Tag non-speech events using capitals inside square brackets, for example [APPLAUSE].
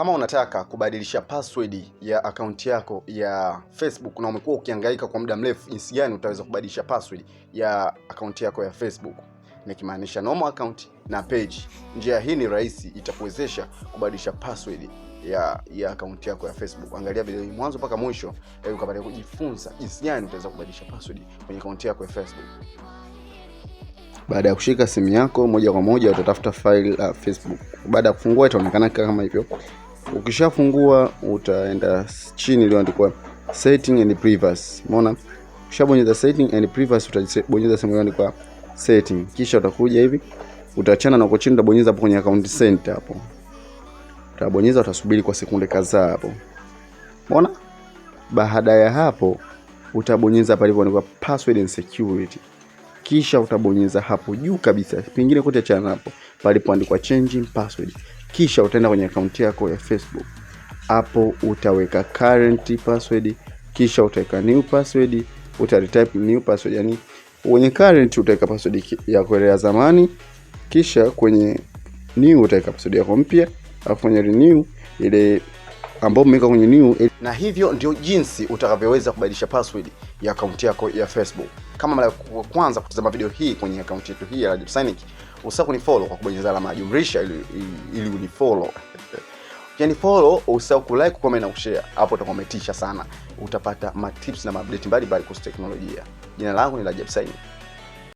Kama unataka kubadilisha password ya akaunti yako ya Facebook na umekuwa ukihangaika kwa muda mrefu jinsi gani utaweza kubadilisha password ya akaunti yako ya Facebook, nikimaanisha normal account na page. Njia hii ni rahisi, itakuwezesha kubadilisha password ya ya akaunti yako ya Facebook. Angalia video hii mwanzo mpaka mwisho ili ukapata kujifunza jinsi gani utaweza kubadilisha password kwenye akaunti yako ya Facebook. Baada ya kushika simu yako moja kwa moja utatafuta file la Facebook. Baada ya kufungua itaonekana kama hivyo. Ukishafungua utaenda chini iliyoandikwa setting and previous. Umeona? Ukishabonyeza setting and previous utabonyeza sehemu iliyoandikwa setting. Kisha utakuja hivi utaachana na uko chini utabonyeza hapo kwenye account center hapo. Utabonyeza utasubiri kwa sekunde kadhaa hapo. Umeona? Baada ya hapo utabonyeza palipoandikwa password and security. Kisha utabonyeza hapo juu kabisa, pengine kote chana hapo palipoandikwa changing password kisha utaenda kwenye akaunti yako ya Facebook. Hapo utaweka current password, kisha utaweka new password, retype new password. Yani kwenye current utaweka password ya ya zamani, kisha kwenye new utaweka password yako mpya, afu kwenye renew ile ambao umeweka kwenye new. Na hivyo ndio jinsi utakavyoweza kubadilisha password ya akaunti yako ya Facebook. Kama mara ya kwanza kutazama video hii kwenye akaunti yetu hii ya Rajab Synic, usisahau kunifollow kwa kubonyeza alama ya jumlisha ili, ili unifollow. Yani [LAUGHS] follow, usisahau ku like, comment na kushare. Hapo utakometisha sana, utapata matips na maupdate mbalimbali kuhusu teknolojia. Jina langu ni Rajab Synic.